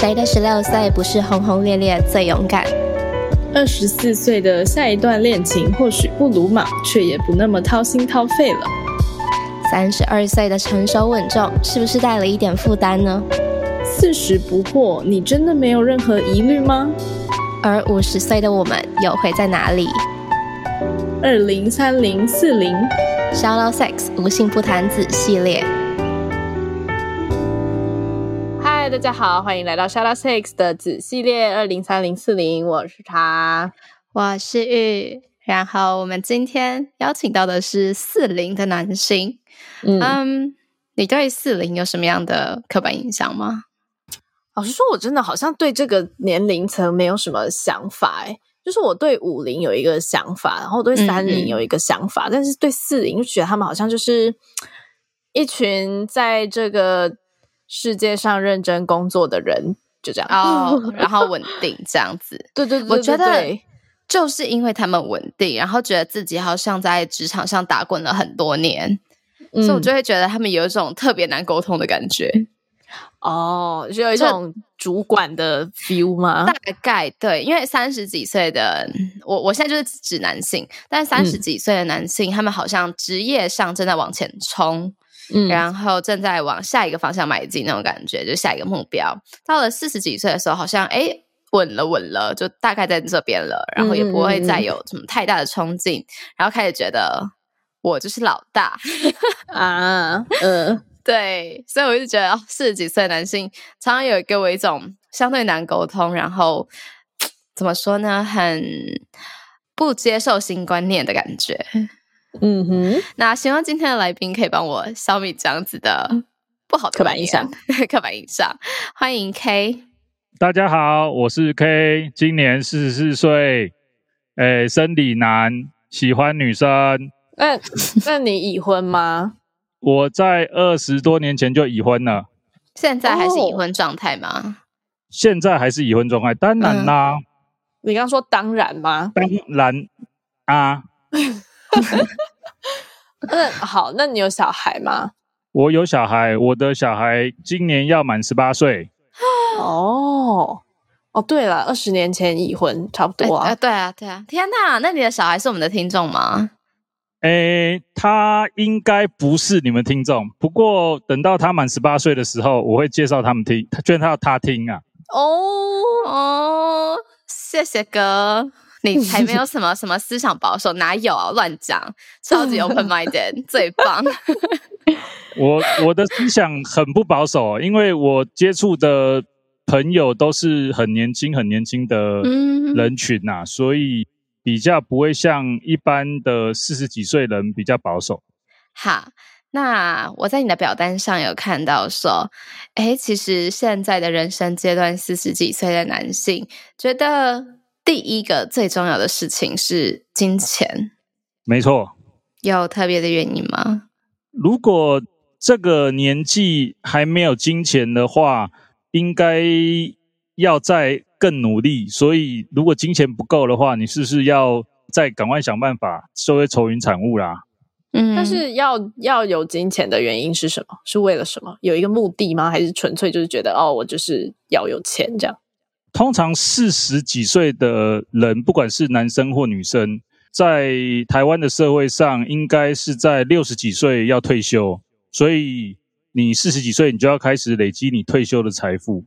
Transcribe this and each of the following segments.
誰的十六歲不是轟轟烈烈最勇敢？二十四歲的下一段戀情或許不魯莽，卻也不那麼掏心掏肺了。三十二歲的成熟穩重，是不是帶了一點負擔呢？四十不惑，你真的沒有任何疑慮嗎？而五十歲的我們，又會在哪裡？二零三零四零，Shout Out Sex 無性不談子系列。大家好，歡迎來到 Shout Out Sex 的子系列二零三零四零。我是茶，我是玉，然後我們今天邀請到的是四零的男性。嗯，um, 你對四零有什麼樣的刻板印象嗎？老實說，我真的好像對這個年齡層沒有什麼想法誒。就是我對五零有一個想法，然後對三零有一個想法，嗯嗯但是對四零就覺得他們好像就是一群在這個。世界上認真工作的人就這樣，oh, 然後穩定這樣子。 對對對，我覺得就是因為他們穩定，然後覺得自己好像在職場上打滾了很多年，嗯、所以我就會覺得他們有一種特別難溝通的感覺。哦，就有一種主管的 feel 嗎？大概對，因為三十幾歲的，我我現在就是指男性，但是三十幾歲的男性、嗯，他們好像職業上正在往前衝。然後正在往下一個方向邁進那種感覺，就下一個目標。到了四十幾歲的時候，好像哎穩了穩了，就大概在這邊了，然後也不會再有什麼太大的衝勁，嗯嗯嗯，然後開始覺得我就是老大 啊。嗯、呃，對，所以我就覺得、哦，四十幾歲的男性常常有給我一種相對難溝通，然後怎麼說呢，很不接受新觀念的感覺。嗯哼，那希望今天的來賓可以幫我消滅這樣子的不好的刻板印象。刻板印象，歡迎 K。大家好，我是 K，今年四十四歲，誒、欸，生理男，喜歡女生。那、嗯、那你已婚嗎？ 我在二十多年前就已婚了。現在還是已婚狀態嗎？哦，現在還是已婚狀態，當然啦、啊嗯。你剛剛說當然嗎？當然啊。 那，好，那你有小孩嗎？我有小孩，我的小孩今年要滿十八歲。 哦，哦，對了，二十年前已婚，差不多啊。欸、啊對啊，對啊。天哪、啊，那你的小孩是我們的聽眾嗎？哎、嗯，欸，他應該不是你們聽眾。不過等到他滿十八歲的時候，我會介紹他們聽。他，就讓他聽啊。哦哦，謝謝哥。你才沒有什麼什麼思想保守，嗯、哪有啊？亂講，超級 open-minded， 最棒。我我的思想很不保守，因為我接觸的朋友都是很年輕、很年輕的人群吶、啊嗯，所以比較不會像一般的四十幾歲人比較保守。好，那我在你的表單上有看到說，誒其實現在的人生階段，四十幾歲的男性覺得。第一個最重要的事情是金錢，沒錯。要有特別的原因嗎？如果這個年紀還沒有金錢的話，應該要再更努力。所以，如果金錢不夠的話，你是不是要再趕快想辦法，收回愁雲產物啦？嗯。但是要要有金錢的原因是什麼？是為了什麼？有一個目的嗎？還是純粹就是覺得哦，我就是要有錢這樣？通常四十幾歲的人，不管是男生或女生，在台灣的社會上，應該是在六十幾歲要退休，所以你四十幾歲，你就要開始累積你退休的財富。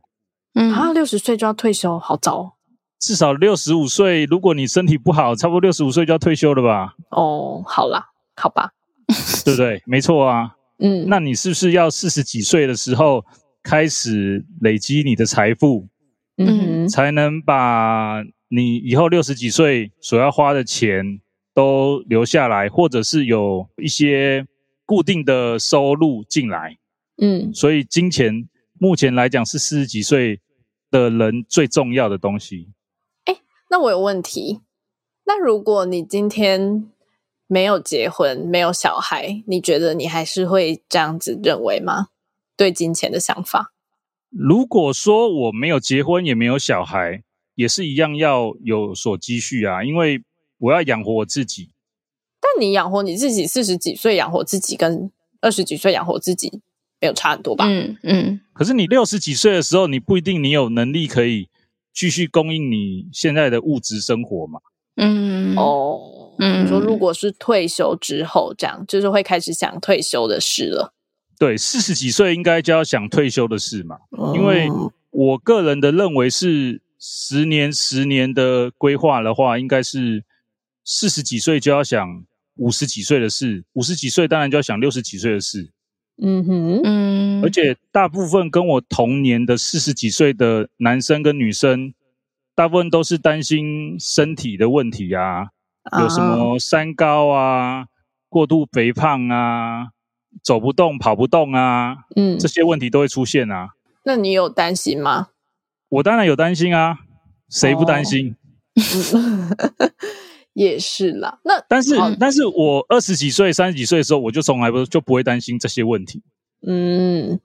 嗯，啊，六十歲就要退休，好早哦。至少六十五歲，如果你身體不好，差不多六十五歲就要退休了吧？哦，好啦，好吧， 對不對？沒錯啊。嗯，那你是不是要四十幾歲的時候開始累積你的財富？嗯。才能把你以後六十幾歲所要花的錢都留下來，或者是有一些固定的收入進來。嗯，所以金錢目前來講是四十幾歲的人最重要的東西。誒，那我有問題。那如果你今天沒有結婚，沒有小孩，你覺得你還是會這樣子認為嗎？對金錢的想法。如果說我沒有結婚，也沒有小孩，也是一樣要有所積蓄啊，因為我要養活我自己。但你養活你自己，四十幾歲養活自己跟二十幾歲養活自己沒有差很多吧？嗯嗯。可是你六十幾歲的時候，你不一定你有能力可以繼續供應你現在的物質生活嘛？嗯，嗯。哦。你、嗯、說如果是退休之後這樣，就是會開始想退休的事了。對，四十幾歲應該就要想退休的事嘛，oh. 因為我個人的認為是十年十年的規劃的話，應該是四十幾歲就要想五十幾歲的事，五十幾歲當然就要想六十幾歲的事。嗯哼，嗯。而且大部分跟我同年的四十幾歲的男生跟女生，大部分都是擔心身體的問題啊，uh-huh. 有什麼三高啊、過度肥胖啊。走不動、跑不動啊，嗯，這些問題都會出現啊。那你有擔心嗎？我當然有擔心啊，誰不擔心？哦、 也是啦。那但是，嗯，但是我二十幾歲、三十幾歲的時候，我就從來不就不會擔心這些問題。嗯，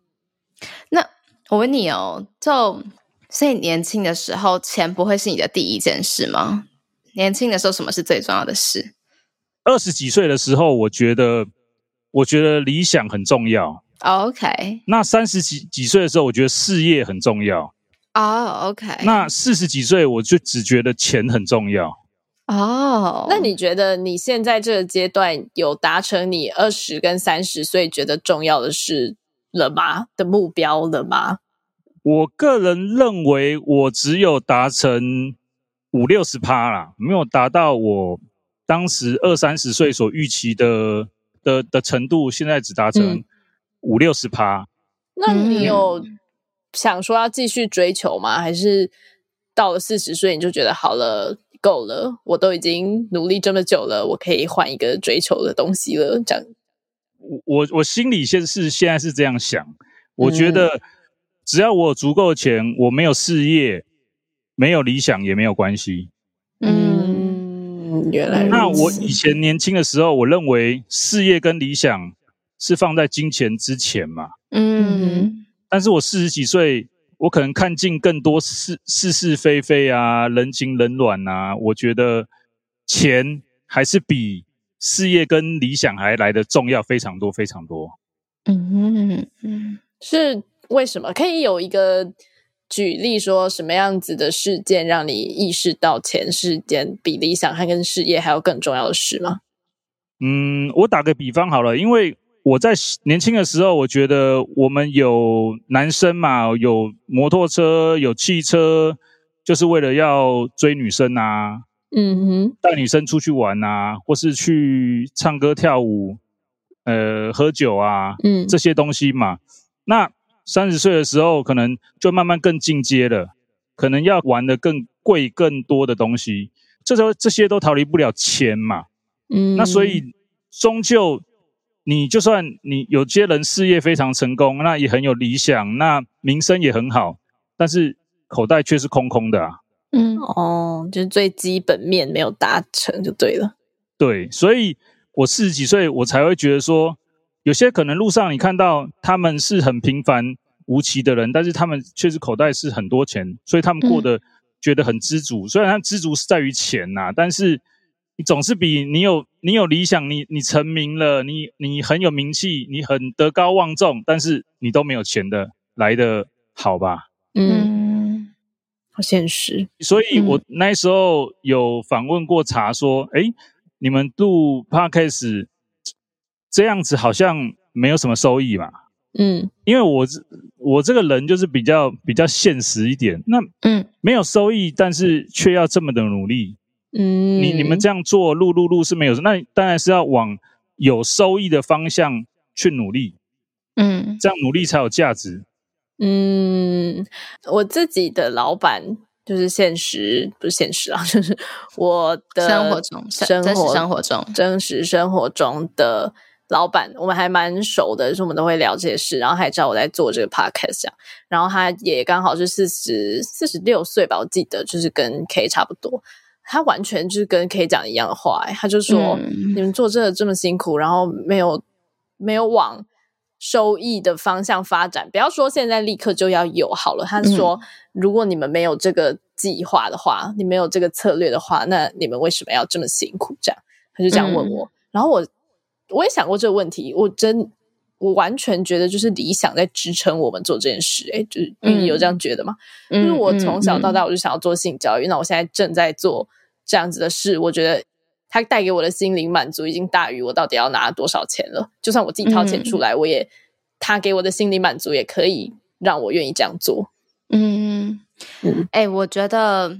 那我問你哦，就所以年輕的時候，錢不會是你的第一件事嗎？年輕的時候，什麼是最重要的事？二十幾歲的時候，我覺得。我覺得理想很重要。Oh, OK。那三十幾幾歲的時候，我覺得事業很重要。哦、oh, OK。那四十幾歲，我就只覺得錢很重要。哦、oh, okay。那你覺得你現在這個階段有達成你二十跟三十歲覺得重要的事了嗎？的目標了嗎？我個人認為，我只有達成五六十趴啦，沒有達到我當時二三十歲所預期的。的的程度，現在只達成五六十趴。那你有想說要繼續追求嗎？嗯、還是到了四十歲你就覺得好了夠了？我都已經努力這麼久了，我可以換一個追求的東西了？這樣，我我我心裡現是現在是這樣想，我覺得只要我有足夠錢，我沒有事業，沒有理想也沒有關係，嗯。嗯那我以前年輕的時候，我認為事業跟理想是放在金錢之前嘛。嗯，但是我四十幾歲，我可能看盡更多是是是非非啊，人情冷暖啊，我覺得錢還是比事業跟理想還來得重要非常多非常多。嗯嗯，是為什麼？可以有一個。舉例說，什麼樣子的事件讓你意識到錢是件比理想和跟事業還有更重要的事嗎？嗯，我打個比方好了，因為我在年輕的時候，我覺得我們有男生嘛，有摩托車，有汽車，就是為了要追女生啊，嗯哼，帶女生出去玩啊，或是去唱歌跳舞，呃，喝酒啊，嗯，這些東西嘛，那。三十歲的時候，可能就慢慢更進階了，可能要玩得更貴、更多的東西，這時候這些都逃離不了錢嘛。嗯，那所以終究你就算你有些人事業非常成功，那也很有理想，那名聲也很好，但是口袋卻是空空的啊。嗯，哦，就是最基本面沒有達成就對了。對，所以我四十幾歲，我才會覺得說。有些可能路上你看到他們是很平凡無奇的人，但是他們確實口袋是很多錢，所以他們過得覺得很知足。嗯、雖然他知足是在於錢吶、啊，但是你總是比你有你有理想，你你成名了，你你很有名氣，你很德高望重，但是你都沒有錢的來的好吧？嗯，好現實。所以我那時候有訪問過茶，說，哎、嗯，你們度 Podcast 這樣子好像沒有什麼收益嘛，嗯，因為我我這個人就是比較比較現實一點，那嗯，沒有收益，嗯，但是卻要這麼的努力，嗯，你你們這樣做，碌碌碌是沒有，那當然是要往有收益的方向去努力，嗯，這樣努力才有價值，嗯，我自己的老闆就是現實，不是現實啊，就是我的生活中，生活生活中，真實生活中的。老板，我們還蠻熟的，就是我們都會聊這些事，然後還知道我在做這個 podcast 然後他也剛好是四十四十六歲吧，我記得就是跟 K 差不多。他完全就是跟 K 講一樣的話誒，他就說：“嗯、你們做這個這麼辛苦，然後沒有沒有往收益的方向發展，不要說現在立刻就要有好了。”他說、嗯：“如果你們沒有這個計劃的話，你沒有這個策略的話，那你們為什麼要這麼辛苦？”這樣他就這樣問我，嗯、然後我。我也想過這個問題，我真我完全覺得就是理想在支撐我們做這件事、欸。哎，就是、嗯、你有這樣覺得嗎？因、嗯、為我從小到大我就想要做性教育，那、嗯嗯、我現在正在做這樣子的事，我覺得他帶給我的心靈滿足已經大於我到底要拿多少錢了。就算我自己掏錢出來，嗯、我也他給我的心理滿足也可以讓我願意這樣做。嗯，哎、嗯欸，我覺得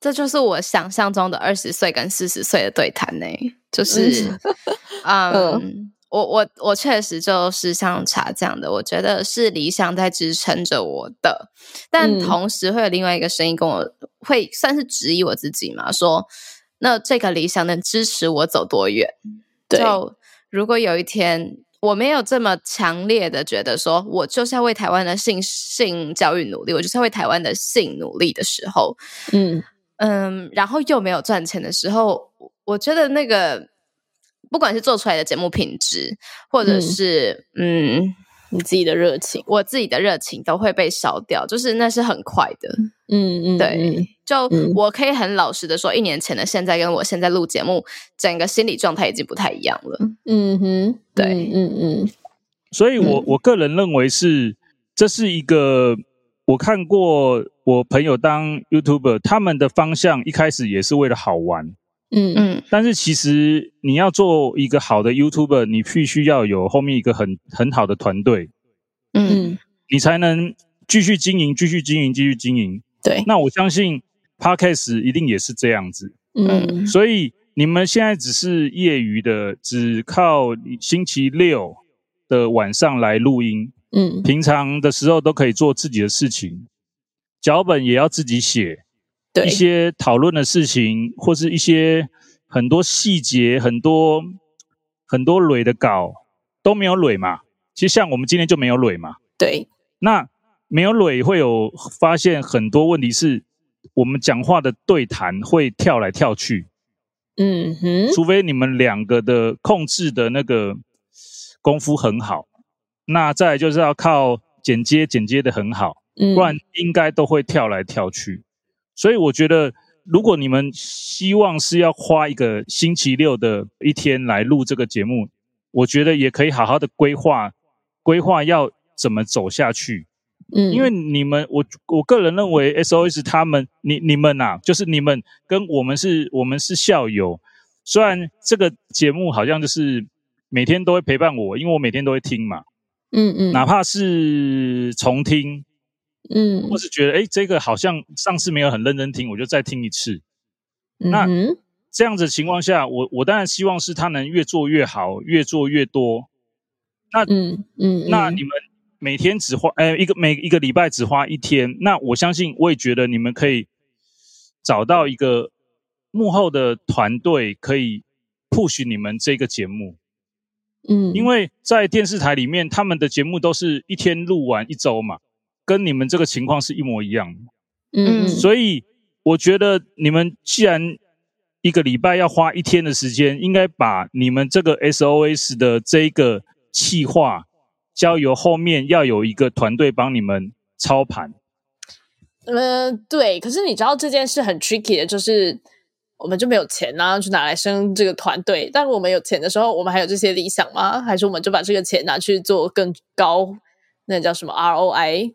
這就是我想象中的二十歲跟四十歲的對談呢、欸，就是。嗯 Um, 嗯，我我我確實就是像茶這樣的，我覺得是理想在支撐着我的，但同時會有另外一個聲音跟我會算是質疑我自己嘛，說那這個理想能支持我走多遠？對，就如果有一天我沒有這麼強烈的覺得說我就是要為台灣的性性教育努力，我就是要為台灣的性努力的時候，嗯嗯，然後又沒有賺錢的時候，我覺得那個。不管是做出來的節目品質，或者是嗯，嗯，你自己的熱情，我自己的熱情都會被燒掉，就是那是很快的，嗯嗯，對，嗯、就、嗯、我可以很老實的說，一年前的現在跟我現在錄節目，整個心理狀態已經不太一樣了，嗯哼，對，嗯嗯，嗯，嗯，所以我我個人認為是這是一個，我看過我朋友當 YouTuber，他們的方向一開始也是為了好玩。嗯嗯，但是其實你要做一個好的 YouTuber，你必須要有後面一個很很好的團隊，嗯，嗯，你才能繼續經營、繼續經營、繼續經營。對，那我相信 Podcast 一定也是這樣子。嗯，所以你們現在只是業餘的，只靠星期六的晚上來錄音，嗯，平常的時候都可以做自己的事情，腳本也要自己寫。一些討論的事情，或是一些很多細節、很多很多蕊的稿都沒有蕊嘛。其實像我們今天就沒有蕊嘛。對。那沒有蕊會有發現很多問題是，是我們講話的對談會跳來跳去。嗯哼。除非你們兩個的控制的那個功夫很好，那再來就是要靠剪接，剪接的很好，不然應該都會跳來跳去。所以我覺得，如果你們希望是要花一個星期六的一天來錄這個節目，我覺得也可以好好的規劃，規劃要怎麼走下去。嗯，因為你們，我我個人認為 SOS 他們，你你們啊，就是你們跟我們是，我們是校友。雖然這個節目好像就是每天都會陪伴我，因為我每天都會聽嘛。嗯嗯，哪怕是重聽。嗯，或者覺得哎、欸，這個好像上次沒有很認真聽，我就再聽一次。Mm-hmm. 那這樣子的情況下，我我當然希望是他能越做越好，越做越多。那嗯嗯，mm-hmm. 那你們每天只花哎、欸、一個每一個禮拜只花一天，那我相信我也覺得你們可以找到一個幕後的團隊可以 push 你們這個節目。嗯、mm-hmm.，因為在電視台裡面，他們的節目都是一天錄完一周嘛。跟你們這個情況是一模一樣，嗯，所以我覺得你們既然一個禮拜要花一天的時間，應該把你們這個 SOS 的這個計劃交由後面要有一個團隊幫你們操盤。嗯，對。可是你知道這件事很 tricky 的，就是我們就沒有錢、啊，然後去拿來生這個團隊。但是我們有錢的時候，我們還有這些理想嗎？還是我們就把這個錢拿去做更高？那叫什麼 ROI？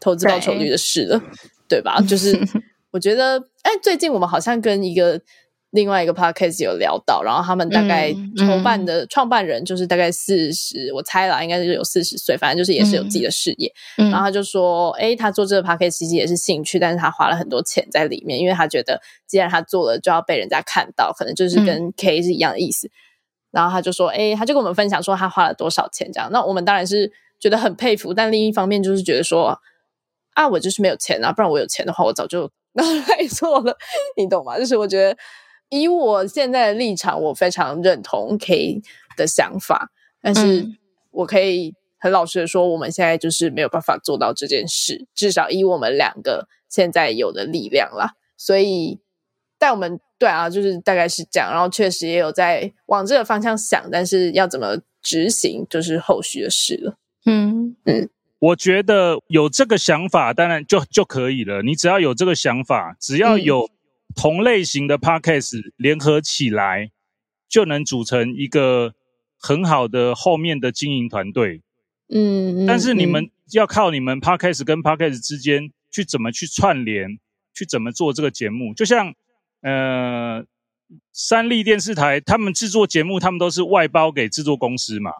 投資報酬率的事了，Right. 對吧？ 就是我覺得，哎、欸，最近我們好像跟一個另外一個 Podcast 有聊到，然後他們大概籌辦的創辦人就是大概四十，我猜啦，應該是有四十歲，反正就是也是有自己的事業。Mm -hmm. 然後他就說，哎、欸，他做這個 Podcast 其實也是興趣，但是他花了很多錢在裡面，因為他覺得既然他做了，就要被人家看到，可能就是跟 K 是一樣的意思。Mm -hmm. 然後他就說，哎、欸，他就跟我們分享說他花了多少錢這樣。那我們當然是覺得很佩服，但另一方面就是覺得說。啊，我就是沒有錢啊！不然我有錢的話，我早就拿來做了，你懂嗎？就是我覺得以我現在的立場，我非常認同 K 的想法，但是我可以很老實的說，我們現在就是沒有辦法做到這件事，至少以我們兩個現在有的力量啦，所以，但我們對啊，就是大概是這樣，然後確實也有在往這個方向想，但是要怎麼執行，就是後續的事了。嗯嗯。我覺得有這個想法，當然就就可以了。你只要有這個想法，只要有同類型的 podcast 聯合起來，就能組成一個很好的後面的經營團隊。嗯，嗯，嗯。但是你們要靠你們 podcast 跟 podcast 之間去怎麼去串聯，去怎麼做這個節目。就像呃，三立電視台他們製作節目，他們都是外包給製作公司嘛。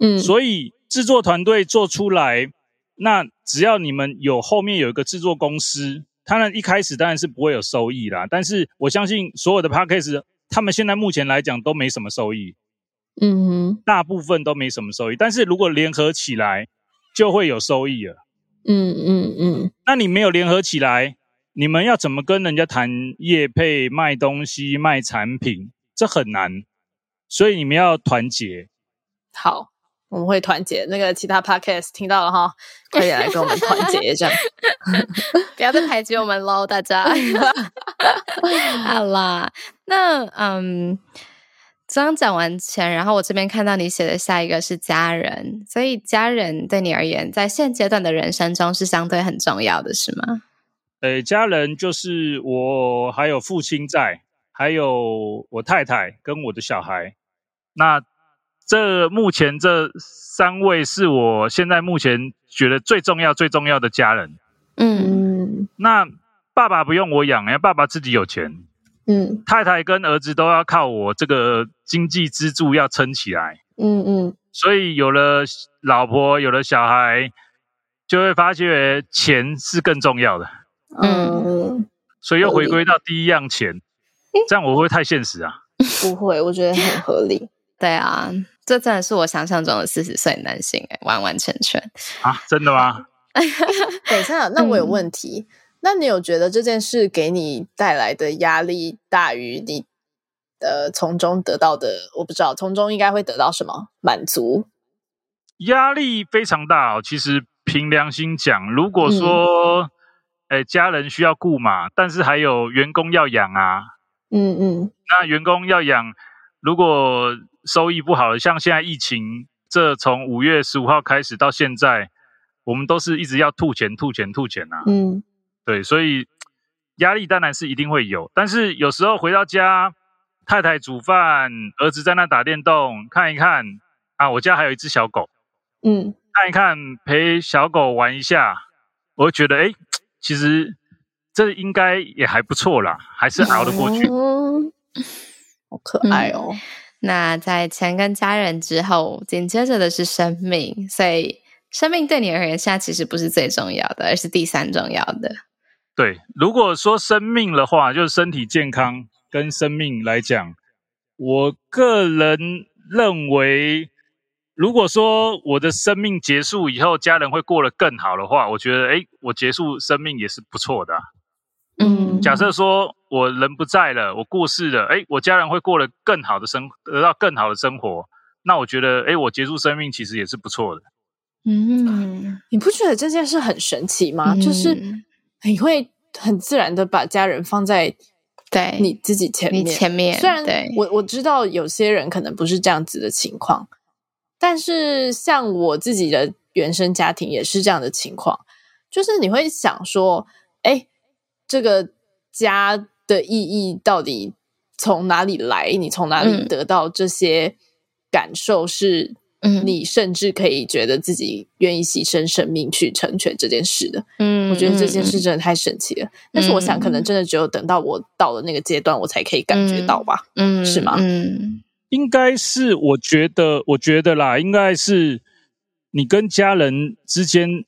嗯，所以。製作團隊做出來，那只要你們有後面有一個製作公司，他們一開始當然是不會有收益啦。但是我相信所有的 p a c k a g e 他們現在目前來講都沒什麼收益，嗯哼，大部分都沒什麼收益。但是如果聯合起來，就會有收益了。嗯嗯嗯。那你沒有聯合起來，你們要怎麼跟人家談業配、賣東西、賣產品？這很難，所以你們要團結。好。我們會團結。那個其他 podcasts 聽到了哈，快點來跟我們團結一下， 這樣 不要再排擠我們嘍，大家。 好啦，那嗯，剛講完錢，然後我這邊看到你寫的下一個是家人，所以家人對你而言，在現階段的人生中是相對很重要的，是嗎？呃，家人就是我還有父親在，還有我太太跟我的小孩，那。這目前這三位是我現在目前覺得最重要最重要的家人。嗯，那爸爸不用我養，欸，因爸爸自己有錢。嗯，太太跟兒子都要靠我這個經濟支柱要撐起來。嗯嗯，所以有了老婆，有了小孩，就會發覺錢是更重要的。嗯，所以又回歸到第一樣錢，這樣我會不會太現實啊？不會，我覺得很合理。 對啊，這真的是我想象中的四十歲男性哎，完完全全啊！真的嗎？等一下，那我有問題，嗯。那你有覺得這件事給你帶來的壓力大於你的、呃、從中得到的？我不知道，從中應該會得到什麼滿足？壓力非常大哦。其實憑良心講，如果說哎、嗯欸，家人需要顧嘛，但是還有員工要養啊。嗯嗯，那員工要養，如果收益不好的，像現在疫情，這從五月十五號開始到現在，我們都是一直要吐錢、吐錢、吐錢啊。嗯，對，所以壓力當然是一定會有，但是有時候回到家，太太煮飯，兒子在那打電動，看一看啊，我家還有一隻小狗，嗯，看一看陪小狗玩一下，我會覺得哎，其實這個應該也還不錯啦，還是熬得過去。嗯，好可愛哦。那在錢跟家人之後，緊接着的是生命，所以生命對你而言，現在其實不是最重要的，而是第三重要的。對，如果說生命的話，就是身體健康跟生命來講，我個人認為，如果說我的生命結束以後，家人會過得更好的話，我覺得，誒，我結束生命也是不錯的啊。假設說，我人不在了，我過世了，哎、欸，我家人會過得更好的生，得到更好的生活。那我覺得，哎、欸，我結束生命其實也是不錯的。嗯，你不覺得這件事很神奇嗎？嗯、就是你會很自然的把家人放在對你自己前面。對，你前面，雖然，對，我我知道有些人可能不是這樣子的情況，但是像我自己的原生家庭也是這樣的情況，就是你會想說。這個家的意義到底從哪裡來？你從哪裡得到這些感受？是，你甚至可以覺得自己願意犧牲生命去成全這件事的。嗯，我覺得這件事真的太神奇了。嗯，但是我想，可能真的只有等到我到了那個階段，我才可以感覺到吧。嗯，是嗎？嗯，應該是。我覺得，我覺得啦，應該是你跟家人之間，誒，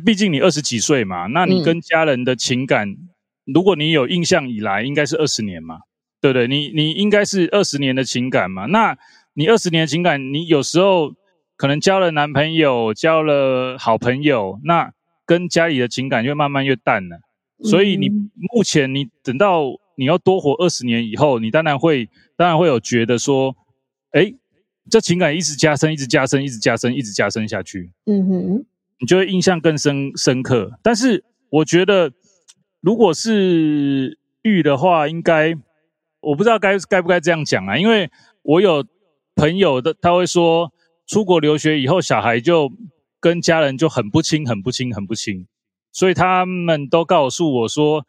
畢竟你二十幾歲嘛，那你跟家人的情感。嗯。如果你有印象以來，應該是二十年嘛，對不對？你你應該是二十年的情感嘛。那你二十年的情感，你有時候可能交了男朋友，交了好朋友，那跟家裡的情感就慢慢越淡了，嗯。所以你目前你等到你要多活二十年以後，你當然會當然會有覺得說，哎，這情感一直加深，一直加深，一直加深，一直加深下去。嗯哼，你就會印象更深深刻。但是我覺得。如果是 Yu 的話，應該我不知道該該不該這樣講啊，因為我有朋友的，他會說，出國留學以後，小孩就跟家人就很不親，很不親，很不親，所以他們都告訴我說，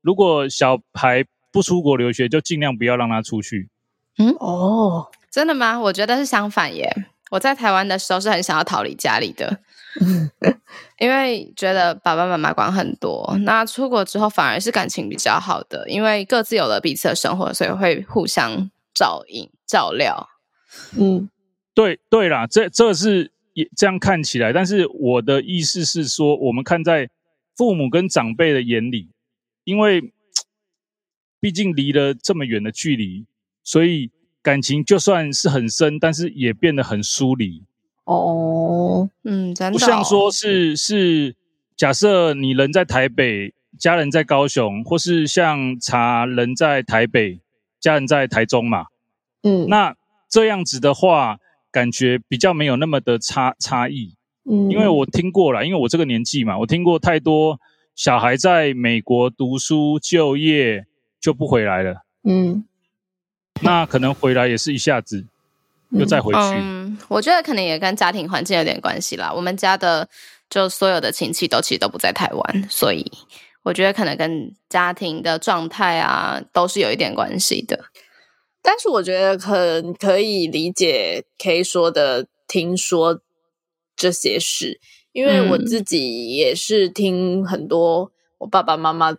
如果小孩不出國留學，就盡量不要讓他出去。嗯，哦，真的嗎？我覺得是相反耶。我在台灣的時候是很想要逃離家裡的， 因為覺得爸爸媽媽管很多。那出國之後反而是感情比較好的，因為各自有了彼此的生活，所以會互相照應照料。嗯，對對啦，這這是也這樣看起來。但是我的意思是說，我們看在父母跟長輩的眼裡，因為畢竟離了這麼遠的距離，所以。感情就算是很深，但是也變得很疏離。哦，嗯，不像說是是，假設你人在台北，家人在高雄，或是像茶人在台北，家人在台中嘛，嗯，那這樣子的話，感覺比較沒有那麼的差差異。嗯，因為我聽過了，因為我這個年紀嘛，我聽過太多小孩在美國讀書、就業就不回來了。嗯。那可能回來也是一下子，又再回去嗯。嗯，我覺得可能也跟家庭環境有點關係啦。我們家的就所有的親戚都其實都不在台灣，嗯、所以我覺得可能跟家庭的狀態啊，都是有一點關係的。但是我覺得很可以理解，K 說的，聽說這些事，因為我自己也是聽很多我爸爸媽媽。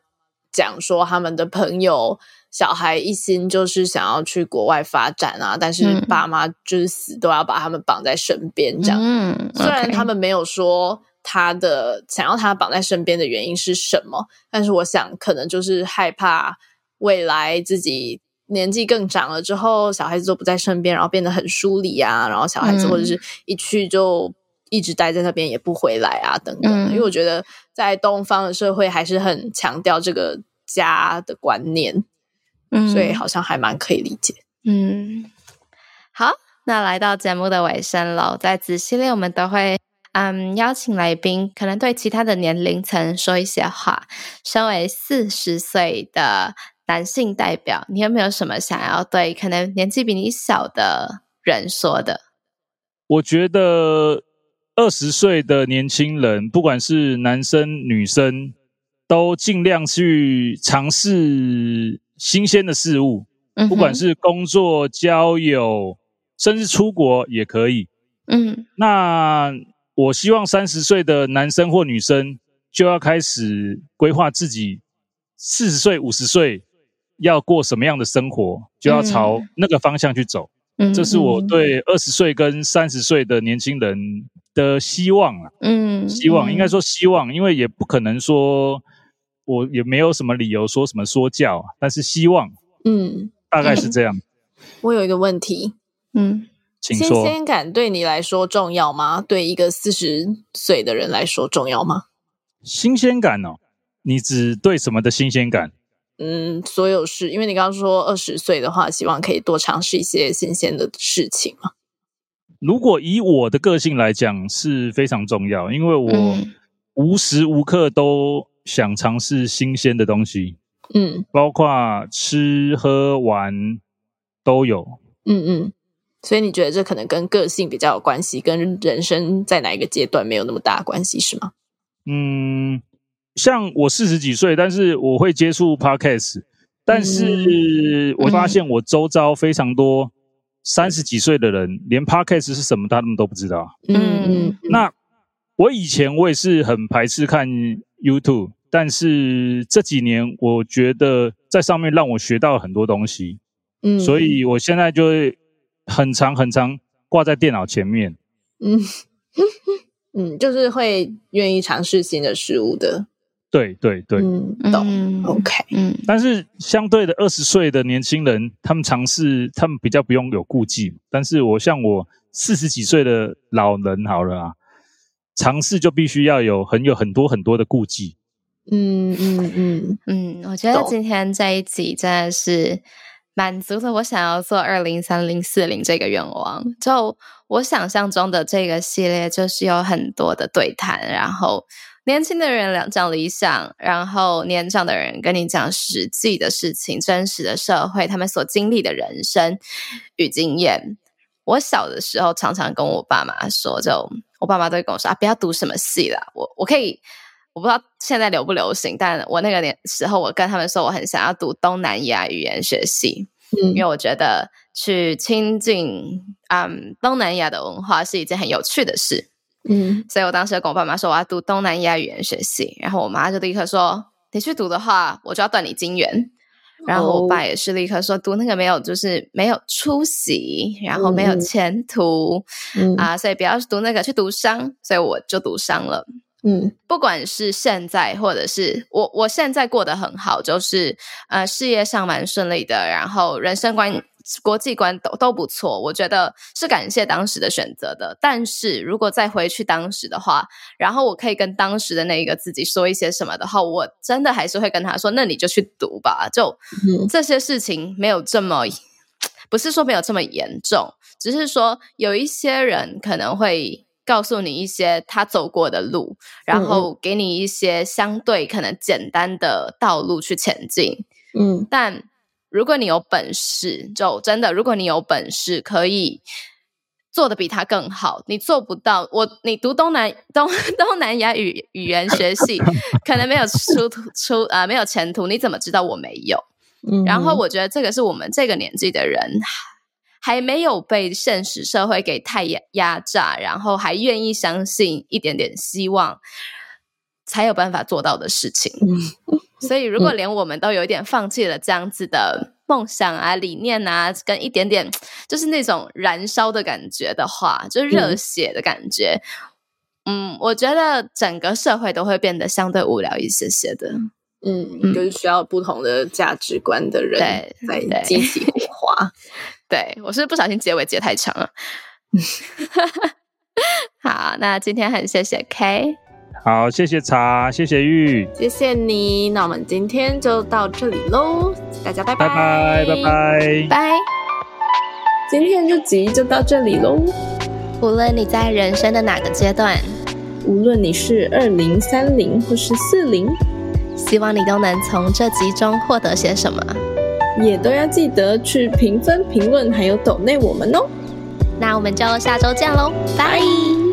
講說他們的朋友小孩一心就是想要去國外發展啊，但是爸媽就是死都要把他們綁在身邊這樣。嗯，雖然他們沒有說他的，嗯 okay. 想要他綁在身邊的原因是什麼，但是我想可能就是害怕未來自己年紀更長了之後，小孩子都不在身邊，然後變得很疏離啊。然後小孩子或者是一去就。一直待在那邊也不回來啊，等等，嗯。因為我覺得在東方的社會還是很強調這個家的觀念，嗯，所以好像還蠻可以理解。嗯，好，那來到節目的尾聲了，在此系列我們都會嗯邀請來賓，可能對其他的年齡層說一些話。身為四十歲的男性代表，你有沒有什麼想要對可能年紀比你小的人說的？我覺得。二十歲的年輕人，不管是男生女生，都盡量去嘗試新鮮的事物。嗯，不管是工作、交友，甚至出國也可以。嗯，那我希望三十歲的男生或女生就要開始規劃自己四十歲、五十歲要過什麼樣的生活，就要朝那個方向去走。嗯，這是我對二十歲跟三十歲的年輕人。的希望啊，嗯，希望應該說希望，嗯，因為也不可能說，嗯，我也沒有什麼理由說什麼說教，但是希望，嗯，大概是這樣。嗯，我有一個問題，嗯，請說，新鮮感對你來說重要嗎？對一個四十歲的人來說重要嗎？新鮮感哦，你指對什麼的新鮮感？嗯，所有事，因為你剛剛說二十歲的話，希望可以多嘗試一些新鮮的事情嘛。如果以我的個性來講是非常重要，因為我無時無刻都想嘗試新鮮的東西，嗯，包括吃喝玩都有，嗯嗯，所以你覺得這可能跟個性比較有關係，跟人生在哪一個階段沒有那麼大的關係是嗎？嗯，像我四十幾歲，但是我會接觸 podcast，但是我發現我周遭非常多，嗯。嗯三十幾歲的人，連 podcast 是什麼，他們都不知道。嗯嗯，那我以前我也是很排斥看 YouTube，但是這幾年我覺得在上面讓我學到很多東西。嗯，所以我現在就會很長很長掛在電腦前面。嗯 嗯，就是會願意嘗試新的事物的。對對對，懂，OK，嗯，okay. 但是相對的，二十歲的年輕人，嗯，他們嘗試，他們比較不用有顧忌，但是我像我四十幾歲的老人，好了啊，嘗試就必須要有很有很多很多的顧忌，嗯嗯嗯嗯，我覺得今天這一集真的是滿足了我想要做二零三零四零這個願望，就我想象中的這個系列就是有很多的對談，然後。年輕的人講理想，然後年長的人跟你講實際的事情、真實的社會、他們所經歷的人生與經驗。我小的時候常常跟我爸媽說，就我爸媽都會跟我說啊，不要讀什麼系了，我我可以，我不知道現在流不流行，但我那個年時候，我跟他們說，我很想要讀東南亞語言學系，嗯、因為我覺得去親近嗯東南亞的文化是一件很有趣的事。嗯，所以我當時跟我爸媽說，我要讀東南亞語言學系，然後我媽就立刻說，你去讀的話，我就要斷你金援。然後我爸也是立刻說，讀那個沒有，就是沒有出息，然後沒有前途啊、嗯呃，所以不要讀那個，去讀商。所以我就讀商了。嗯，不管是現在，或者是我，我現在過得很好，就是呃，事業上蠻順利的，然後人生觀、國際觀都都不錯，我覺得是感謝當時的選擇的。但是如果再回去當時的話，然後我可以跟當時的那一個自己說一些什麼的話，我真的還是會跟他說：“那你就去讀吧。就”就，嗯，這些事情沒有這麼，不是說沒有這麼嚴重，只是說有一些人可能會告訴你一些他走過的路，然後給你一些相對可能簡單的道路去前進。嗯，但。如果你有本事，就真的如果你有本事，可以做的比他更好。你做不到，我，你讀東南東東南亞語語言學系，可能沒有出出啊、呃，沒有前途。你怎麼知道我沒有、嗯？然後我覺得這個是我們這個年紀的人，還沒有被現實社會給太壓壓榨，然後還願意相信一點點希望，才有辦法做到的事情， 所以如果連我們都有一點放棄了這樣子的夢想啊、 理念啊，跟一點點就是那種燃燒的感覺的話，就熱血的感覺。嗯，嗯我覺得整個社會都會變得相對無聊一些些的。嗯，嗯就是需要不同的價值觀的人來集體火花。對，對， 對我是不小心結尾結太長了。 好，那今天很謝謝 K。好，謝謝茶，謝謝玉，謝謝你。那我們今天就到這裡嘍，大家拜拜拜拜拜拜。今天這集就到這裡嘍。無論你在人生的哪個階段，無論你是二十、三十或是四十，希望你都能從這集中獲得些什麼，也都要記得去評分、評論，還有抖內我們哦。那我們就下周見嘍，拜。Bye